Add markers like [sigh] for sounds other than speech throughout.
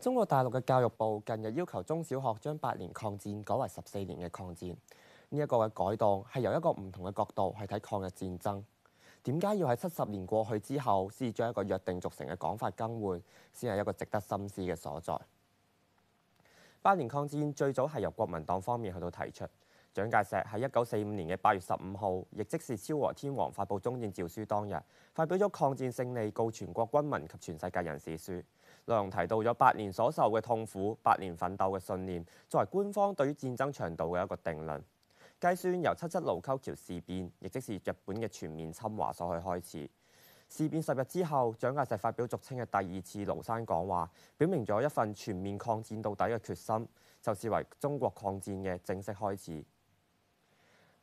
中國大陸嘅教育部近日要求中小學將八年抗戰改為十四年嘅抗戰，呢、這、一個嘅改動係由一個唔同嘅角度去睇抗日戰爭。點解要喺七十年過去之後先將一個約定俗成嘅講法更換，先係一個值得深思嘅所在。八年抗戰最早係由國民黨方面去到提出。蔣介石喺一九四五年嘅八月十五號，亦即是昭和天皇發布終戰詔書當日，發表咗抗戰勝利告全國軍民及全世界人士書，內容提到咗八年所受嘅痛苦、八年奮鬥嘅信念，作為官方對於戰爭長度嘅一個定論。計算由七七盧溝橋事變，亦即是日本嘅全面侵華所去開始。事變十日之後，蔣介石發表俗稱嘅第二次廬山講話，表明咗一份全面抗戰到底嘅決心，就視為中國抗戰嘅正式開始。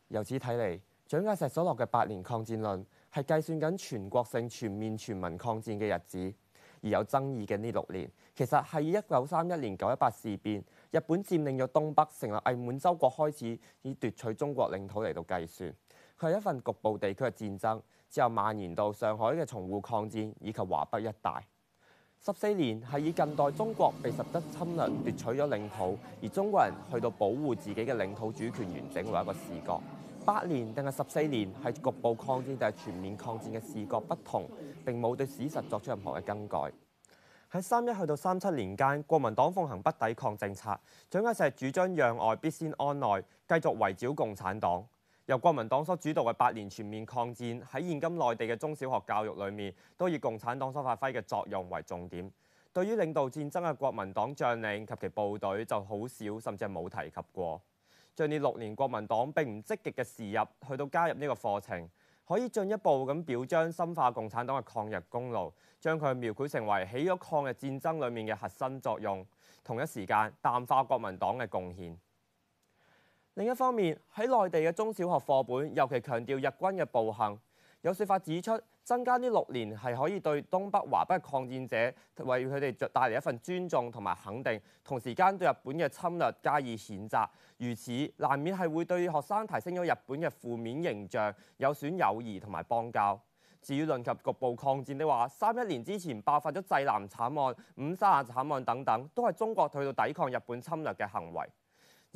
由此睇嚟，蔣介石所落嘅八年抗戰論係計算緊全國性全面全民抗戰嘅日子，而有爭議嘅呢六年其實係以一九三一年九一八事變，日本佔領咗東北，成立偽滿洲國開始，以奪取中國領土嚟到計算。佢係一份局部地區嘅戰爭，之後蔓延到上海嘅淞滬抗戰以及華北一帶。十四年係以近代中國被實質侵略奪取咗領土，而中國人去到保護自己嘅領土主權完整為一個視角。八年定係十四年係局部抗戰定係全面抗戰嘅視角不同，並冇對史實作出任何嘅更改。喺三一去到三七年間，國民黨奉行不抵抗政策，蔣介石主張攘外必先安內，繼續圍剿共產黨。由國民黨所主導嘅八年全面抗戰喺現今內地嘅中小學教育裏面，都以共產黨所發揮嘅作用為重點。對於領導戰爭嘅國民黨將領及其部隊就，就好少甚至係冇提及過。將呢六年國民黨並唔積極嘅時入去到加入呢個課程，可以進一步咁表彰深化共產黨嘅抗日功勞，將佢描繪成為起咗抗日戰爭裏面嘅核心作用。同一時間淡化國民黨嘅貢獻。另一方面，喺內地嘅中小學課本，尤其強調日軍嘅暴行。有説法指出，增加呢六年係可以對東北、華北嘅抗戰者為佢哋帶嚟一份尊重同埋肯定，同時間對日本嘅侵略加以譴責。如此難免係會對學生提升咗日本嘅負面形象，有損友誼同埋邦交。至於論及局部抗戰的話，三一年之前爆發咗濟南慘案、五卅慘案等等，都係中國去到抵抗日本侵略嘅行為。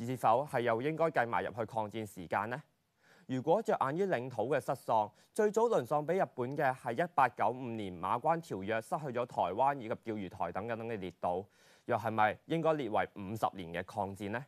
而是否係又應該計埋入去抗戰時間呢？如果着眼於領土嘅失喪，最早淪喪俾日本嘅係一八九五年馬關條約，失去咗台灣以及釣魚台等等嘅列島，又係咪應該列為五十年嘅抗戰呢？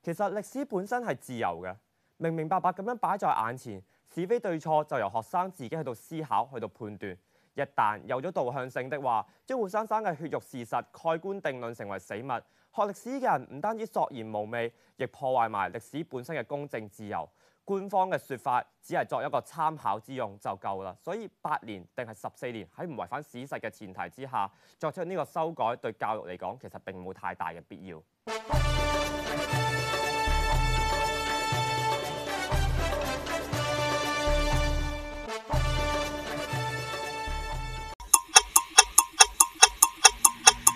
其實歷史本身係自由嘅，明明白白咁樣擺在眼前，是非對錯就由學生自己喺度思考，喺度判斷。一旦有咗導向性的話，將活生生嘅血肉事實蓋棺定論成為死物，學歷史嘅人唔單止索然無味，亦破壞埋歷史本身嘅公正自由。官方嘅說法只係作一個參考之用就夠啦。所以八年定係十四年喺唔違反史實嘅前提之下作出呢個修改，對教育嚟講其實並冇太大嘅必要。 [music]